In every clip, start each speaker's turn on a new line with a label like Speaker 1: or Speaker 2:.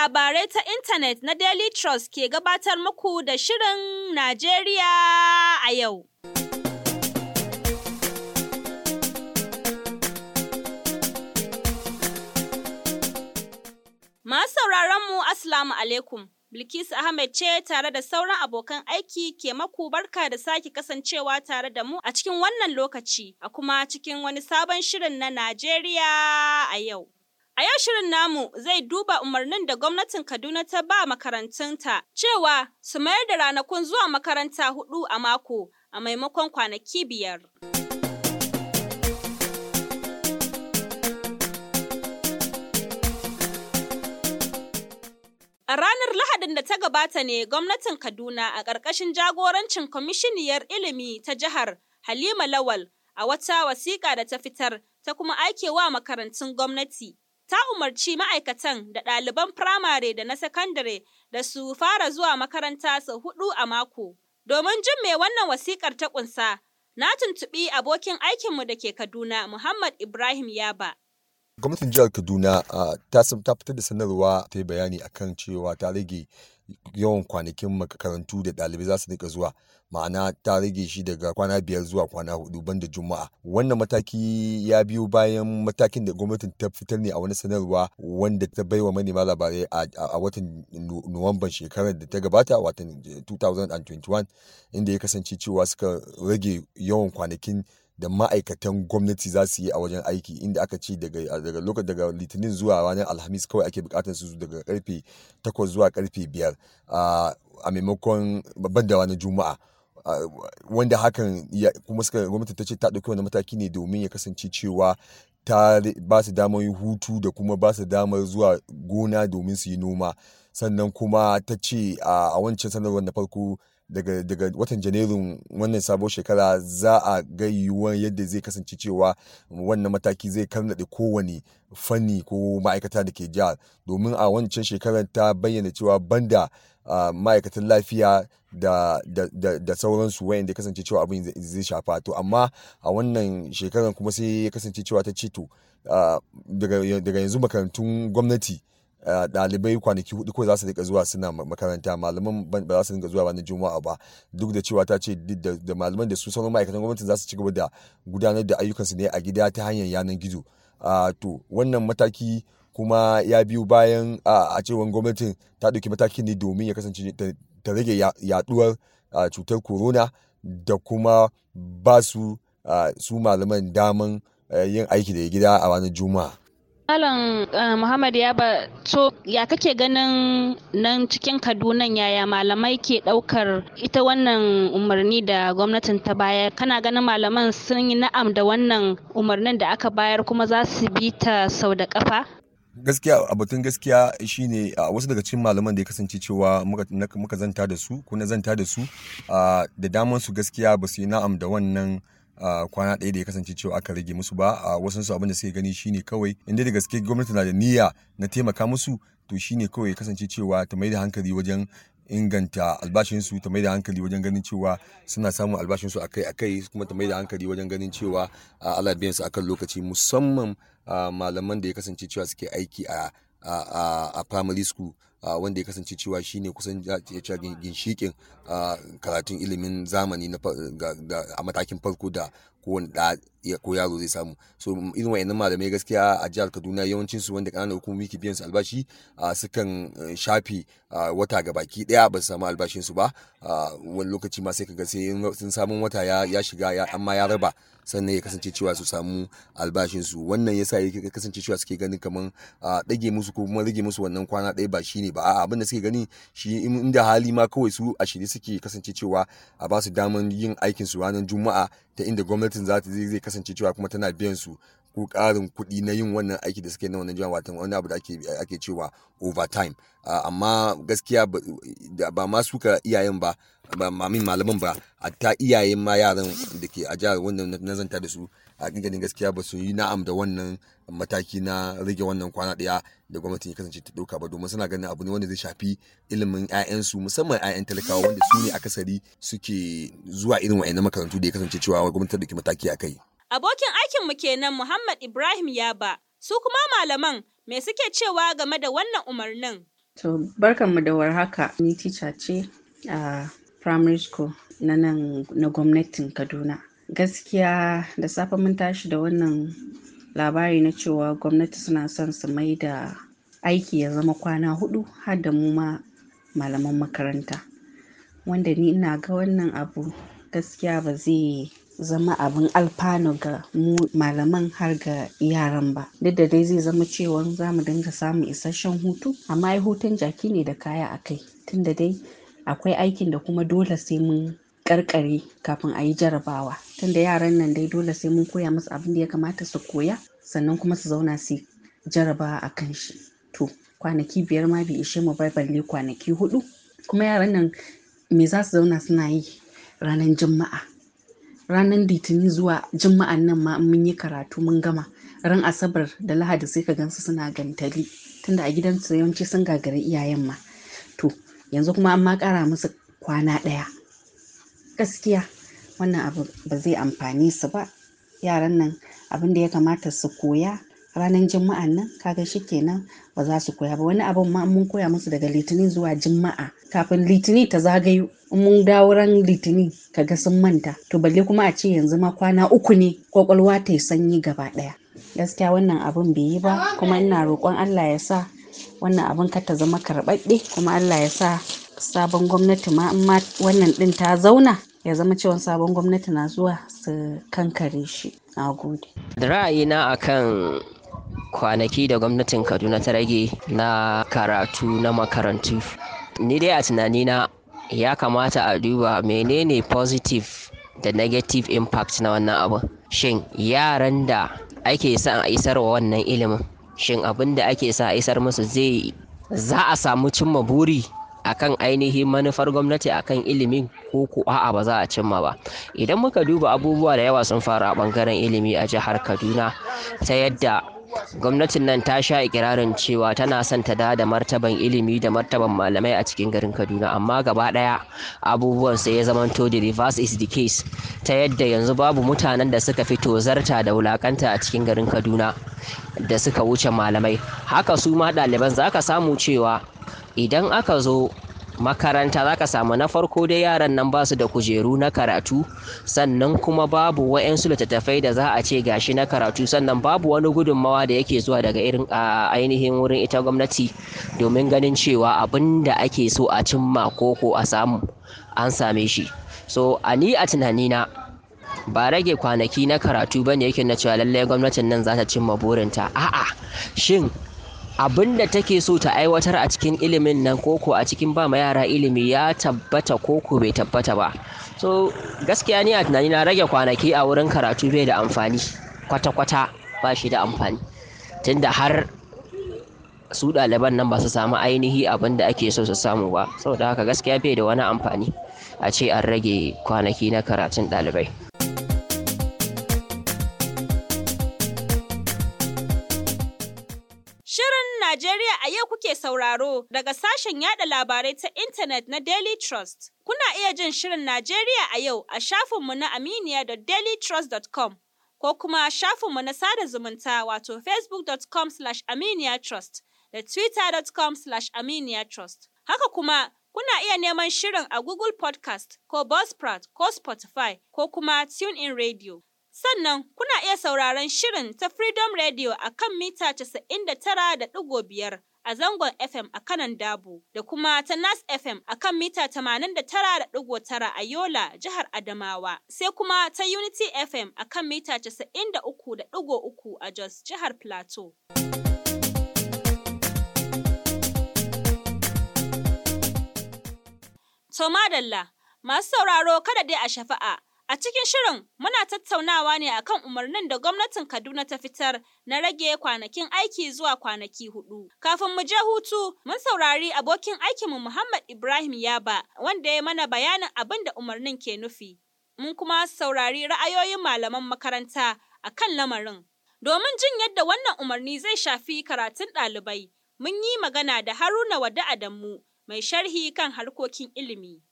Speaker 1: labarai ta intanet na Daily Trust ke gabatar muku da Shirin Najeriya a yau. Masu sauraron mu Assalamu alaikum. Bilkisu Ahmed ce tare da sauran abokan aiki ke maku barka da sake kasancewa tare da mu a cikin wannan lokaci, a kuma cikin wani sabon shirin na Najeriya a yau. A yau shirin namu zai duba umarnin da gwamnatin Kaduna ta ba makarantunta cewa su mayar da ranakun zuwa makaranta hudu a mako a maimakon kwanaki biyar. A ranar Lahadin da ta gabata ne gwamnatin Kaduna a ƙarƙashin jagorancin kwamishiniyar ilimi ta jihar Halima Lawal a wata wasiƙa da ta fitar ta kuma aikewa makarantun gwamnati ta umarci ma'aikatan da ɗaliban firamare da na sakandare da su fara zuwa makaranta sau hudu a mako. Domin jin mai wannan wasikar ta ƙunsa, na tuntubi abokin aikinmu da ke Kaduna, Muhammad Ibrahim Yaba.
Speaker 2: Gwamnatin jihar Kaduna ta fitar da sanarwa ta yi bayani akan cewa ta rage yawan kwanakin makarantu da ɗalibai za su rika zuwa ma'ana ta rage shi daga kwana biyar zuwa kwana hudu banda juma'a wannan mataki ya biyo bayan matakin da gwamnatin ta fitar ne a wani sanarwa wanda ta bai wa manema labarai a watan nuwamban shekarar da ta gabata watan 2021 eh, inda ya kasance cewa suka rage yawan kwanakin da ma'aikatan gwamnati za su yi a wajen aiki inda aka ce daga daga lokacin daga litinin zuwa ranar alhamis kawai ake bukatar su daga karfe 8 zuwa karfe 5 ah, a maimakon babban da ranar juma'a wanda hakan kuma suka gwamnati ta ce ta ɗauki wani mataki ne domin ya kasance cewa ta ba su damar hutu da kuma ba su damar zuwa gona domin su yi noma sannan kuma ta ce a wancan sanarwar na farko daga daga watan janairun wannan sabon shekara za a ga yiwuwar yadda zai kasance cewa wannan mataki zai karnade kowane fanni ko ma'aikata da ke jihar domin a wancan shekarar ta bayyana cewa banda Uh, ma'aikatan lafiya da, da, da, da sauransu wayanda kasance cewa abin zai shafa to amma a wannan shekarar kuma sai ya kasance cewa ta ce to daga yanzu makarantun gwamnati dalibai eh, kwanaki hudu kawai za su rika zuwa suna makaranta malaman ba za su rika zuwa ranar juma'a ba duk da cewa ta ce da malaman da su sauran ma'aikatan gwamnati za su ci gaba da gudanar da ayyukansu ne a gida ta hanyar yanar gizo ah, to wannan mataki kuma ya biyu bayan ah, a cewar gwamnatin ta ɗauki mataki ne domin ya kasance ta rage yaduwar ah, cutar corona da kuma ba su su malaman daman eh, yin aiki da gida a ranar juma'a
Speaker 1: Malam eh, Muhammad ba to ya kake ganin nan cikin Kaduna yaya malamai ke ɗaukar ita wannan umarni da gwamnatin ta bayar? Kana ganin malaman sun yi na'am da wannan umarnin da aka bayar kuma za su bi ta sau da ƙafa?
Speaker 2: gaskiya batun gaskiya shine a wasu daga cikin malaman da ya kasance cewa muka zanta da su ko na zanta da su da damansu gaskiya ba su yi na'am da wannan kwana ɗaya da ya kasance cewa aka rage musu ba a wasu su abin da suke gani shine kawai inda da gaske gwamnati na da niyya na taimaka musu to shine kawai ya kasance cewa ta mai da hankali wajen inganta albashinsu ta mai da hankali wajen ganin cewa suna samun albashinsu akai-akai kuma ta mai da hankali wajen ganin cewa ala biyansu akan lokaci musamman malaman da ya kasance cewa suke aiki a a, a primary school wanda ya kasance cewa shi ne kusan ya ginshikin karatun ilimin zamani a matakin farko da kowane ko yaro zai samu so mm, irin wa'annan malamai gaskiya a jihar kaduna yawancin su wanda kananan hukumomi ke biyan su albashi sukan e, shafe wata ga baki daya ba su samu albashin su ba wani lokaci ma sai ka ga sai sun samu wata ya shiga amma ya raba sannan ya kasance cewa su samu albashin su wannan yasa ya kasance cewa suke ganin kaman dage musu ko kuma rage musu wannan kwana ɗaya ba shine ba a'a abin da suke gani shi inda hali ma kawai su a shirye suke kasance cewa a ba su daman yin aikin su ranar juma'a ta inda gwamnatin za ta zai kasance cewa kuma tana biyan su ko ƙarin kuɗi na yin wannan aiki da suke na wannan jiran watan wani abu da ake cewa overtime amma gaskiya ba ma suka iyayen ba mamin malaman ba hatta iyayen ma yaran da ke a jihar wannan nazanta da su a ganin gaskiya ba su yi na'am da wannan mataki na rage wannan kwana ɗaya da gwamnati ya kasance ta ɗauka ba domin suna ganin abu ne wanda zai shafi ilimin 'ya'yansu musamman 'ya'yan talakawa wanda su ne akasari suke zuwa irin wa'annan makarantu da ya kasance cewa gwamnati ta ɗauki mataki a kai.
Speaker 1: Abokin aikinmu kenan Muhammad Ibrahim Yaba, su kuma malaman me suke cewa game da wannan umarnin?
Speaker 3: To, barkanmu da warhaka, ni tica ce a primary school na nan na gwamnatin Kaduna. Gaskiya da safe mun tashi da wannan labari na cewa gwamnati suna son su mai da aiki ya zama kwana hudu har da mu ma malaman makaranta. Wanda ni ina ga wannan abu gaskiya ba zai zama abin alfanu ga malaman har ga yaran ba duk da dai zai zama cewa za mu dinga samun isasshen hutu amma ai hutun jaki ne da kaya a kai tunda dai akwai aikin da kuma dole sai mun karkare kafin a yi jarabawa tunda yaran nan dai dole sai mun koya musu abin da ya kamata su koya sannan kuma su zauna su jarabawa a kan shi to kwanaki biyar ma bai ishe mu bai balle kwanaki hudu kuma yaran nan me za su zauna suna yi ranar juma'a ranar litinin zuwa juma'an nan ma mun yi karatu mun gama ran asabar da lahadi sai ka gansu suna gantali tunda a gidansu yawanci sun gagari iyayen ma to yanzu kuma an ma kara musu kwana ɗaya gaskiya wannan abu ba zai amfane su ba yaran nan abin da ya kamata su koya ranar juma'a nan kaga shi kenan ba za su koya ba wani abin ma mun koya musu daga litinin zuwa juma'a kafin litini ta zagayo mun dawo ran litinin ga sun manta to balle kuma a ce yanzu ma kwana uku ne kwakwalwa ta yi sanyi gaba ɗaya gaskiya wannan abin bai yi ba kuma ina roƙon allah ya sa wannan abin ka ta zama karɓaɗɗe kuma allah ya sa sabon gwamnati ma in ma wannan ɗin ta zauna ya zama cewa sabon gwamnati na zuwa su kankare shi na gode
Speaker 4: da ra'ayina akan kwanaki da gwamnatin kaduna ta rage na karatu na makarantu ni dai a tunanina ya kamata a duba menene positive da negative impact na wannan abu shin yaran da ake sa a isar wa wannan ilimin shin abin da ake sa a isar musu zai za a samu cimma buri akan ainihin manufar gwamnati akan ilimin ko ko a'a ba za a cimma ba idan muka duba abubuwa da yawa sun faru a bangaren ilimi a jihar kaduna ta yadda Gwamnatin nan ta sha ikirarin cewa tana son ta da martaban ilimi da martaban malamai a cikin garin Kaduna amma gaba ɗaya abubuwan sai ya zamanto the reverse is the case ta yadda yanzu babu mutanen da suka fito zarta da wulakanta a cikin garin Kaduna da suka wuce malamai haka su ma ɗaliban za ka samu cewa idan aka zo makaranta za ka samu na farko dai yaran nan ba su da kujeru na karatu sannan kuma babu wa'yansu littattafai da za a ce gashi na karatu sannan babu wani gudunmawa da yake zuwa daga irin ainihin wurin ita gwamnati domin ganin cewa abin da ake so a cimma ko a samu an same shi so a ni a tunanina ba rage kwanaki na karatu ba ne yake na cewa lallai gwamnatin nan za ta cimma burinta a'a shin abin da take so ta aiwatar a cikin ilimin nan koko a cikin ba ma yara ilimi ya tabbata koko bai tabbata ba so gaskiya ni a tunani na rage kwanaki a wurin karatu bai da amfani kwata-kwata ba shi da amfani tunda har su ɗaliban nan ba su samu ainihi abin da ake so su samu ba saboda haka gaskiya bai da wani amfani a ce an rage kwanaki na karatun ɗalibai
Speaker 1: sauraro daga sashen yada labarai ta intanet na Daily Trust. Kuna iya jin Shirin Najeriya a yau a shafinmu na aminiya.dailytrust.com ko kuma shafinmu na sada zumunta wato facebook.com slash aminiyatrust da twitter.com slash aminiyatrust. Haka kuma kuna iya neman shirin a Google Podcast ko Buzzsprout ko Spotify ko kuma TuneIn Radio. Sannan kuna iya sauraron shirin ta Freedom Radio a kan mita 99.5 a zangon FM a kanan Dabo da kuma ta Nas FM a kan mita 89.9 a Yola, jihar Adamawa, sai kuma ta Unity FM a kan mita 93.3 a Jos, jihar Plateau. To madalla, masu sauraro kada dai a shafa'a. A cikin shirin muna tattaunawa ne akan umarnin da gwamnatin Kaduna ta fitar na rage kwanakin aiki zuwa kwanaki hudu. Kafin mu je hutu, mun saurari abokin aikinmu Muhammad Ibrahim Yaba wanda ya mana bayanin abin da umarnin ke nufi. Mun kuma saurari ra'ayoyin malaman makaranta a kan lamarin. Domin jin yadda wannan umarni zai shafi karatun ɗalibai, mun yi magana da Haruna Wada Adamu mai sharhi kan harkokin ilimi.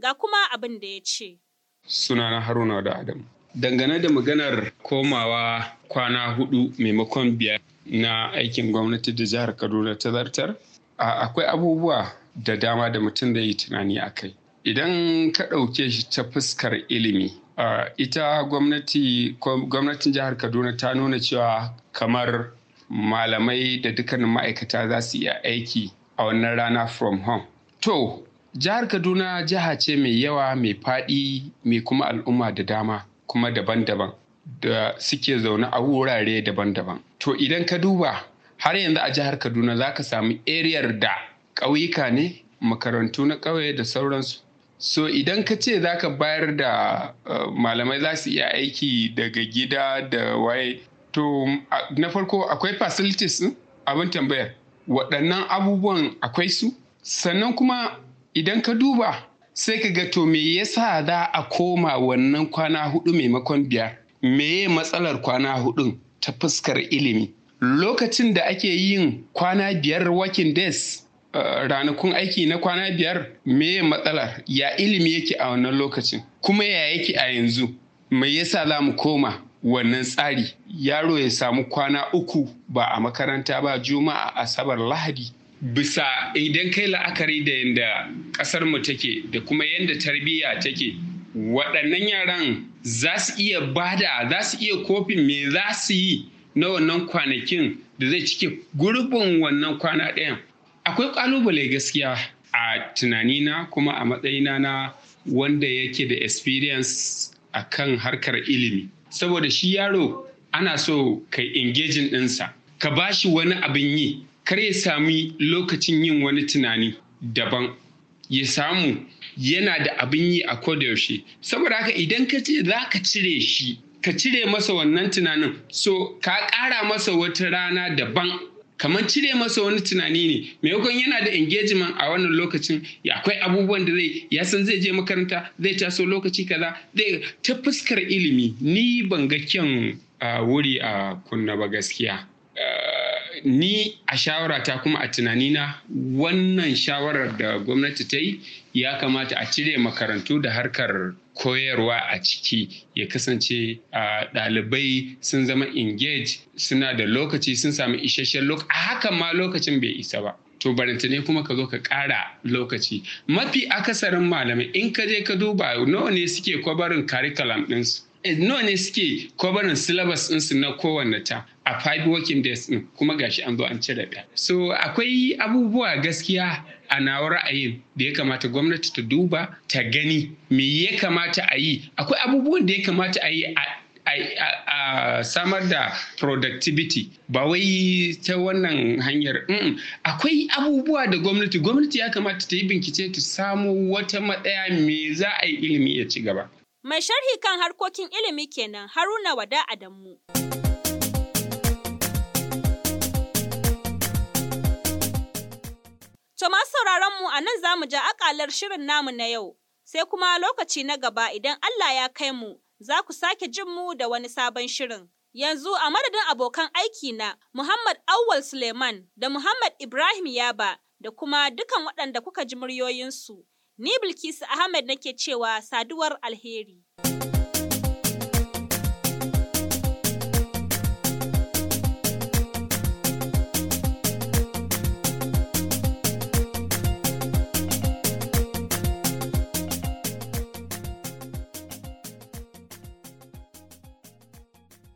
Speaker 1: Ga kuma abin da ya ce.
Speaker 5: sunana haruna da adam dangane da maganar komawa kwana hudu maimakon biyar na aikin gwamnati da jihar kaduna ta zartar akwai abubuwa da dama da mutum da yi tunani a kai idan ka ɗauke shi ta fuskar ilimi ita gwamnatin jihar kaduna ta nuna cewa kamar malamai da dukkanin ma'aikata za su iya aiki a wannan rana from home to Jihar Kaduna jiha ce mai yawa mai faɗi mai kuma al'umma da dama kuma daban-daban da suke zaune a wurare daban-daban. To idan ka duba har yanzu a jihar Kaduna za ka samu eriyar da ƙauyuka ne makarantu na ƙauye da sauransu. So idan ka ce za ka bayar da eh, malamai za su iya aiki daga gida da waye to na farko akwai facilities abin tambayar waɗannan abubuwan akwai su sannan kuma idan ka duba sai ka ga to me yasa za a koma wannan kwana hudu maimakon biyar meye matsalar kwana hudu ta fuskar ilimi lokacin da ake yin kwana biyar working days eh, ranakun aiki na kwana biyar meye matsalar ya ilimi yake a wannan lokacin kuma ya yake a yanzu me yasa za mu koma wannan tsari yaro ya samu kwana uku ba a makaranta ba juma'a asabar lahadi bisa idan kai la'akari da yadda ƙasar mu take da kuma yadda tarbiyya take waɗannan yaran za su iya bada za su iya kofi me za su yi na wannan kwanakin da zai cike gurbin wannan kwana ɗayan akwai ƙalubale gaskiya a tunanina kuma a matsayina na wanda yake da experience akan harkar ilimi saboda shi yaro ana so ka engaging ɗinsa ka bashi wani abin yi kar ya sami lokacin yin wani tunani daban ya samu yana da abin yi a yaushe saboda haka idan ka ce za ka cire shi ka cire masa wannan tunanin so ka ƙara masa wata rana daban kamar cire masa wani tunani ne maimakon yana da engagement a wannan lokacin akwai abubuwan da zai ya san zai je makaranta zai taso lokaci kaza zai ta fuskar ilimi ni ban ga kyan ah, wuri a kunna ba gaskiya ah, ni a shawarata kuma a tunanina wannan shawarar da gwamnati ta yi ya kamata a cire makarantu da harkar koyarwa a ciki ya kasance a ɗalibai sun zama engage suna da lokaci sun sami isasshen lokaci a hakan ma lokacin bai isa ba to baranta ne kuma ka zo ka ƙara lokaci mafi akasarin malamai in ka je ka duba nawa ne suke kwabarin curriculum ɗinsu eh, nawa ne suke kwabarin syllabus ɗinsu na kowanne ta a five working days din kuma gashi an zo an cire ɗaya. So akwai abubuwa gaskiya a nawa ra'ayin da ya kamata gwamnati ta duba ta gani me ya kamata a yi akwai abubuwan da ya kamata a yi a samar da productivity ba wai ta wannan hanyar akwai abubuwa da gwamnati gwamnati ya kamata ta yi bincike ta samu wata matsaya me za a yi ilimi ya ci gaba
Speaker 1: mai sharhi kan harkokin ilimi kenan haruna wada adamu. To masu sauraron mu a nan za mu ja akalar shirin namu na yau, sai kuma lokaci na gaba idan Allah ya kai mu za ku sake jin mu da wani sabon shirin. Yanzu a madadin abokan aiki na Muhammad Awwal Suleiman da Muhammad Ibrahim Yaba da kuma dukan waɗanda kuka ji muryoyinsu, ni Bilkisu Ahmed nake cewa saduwar alheri.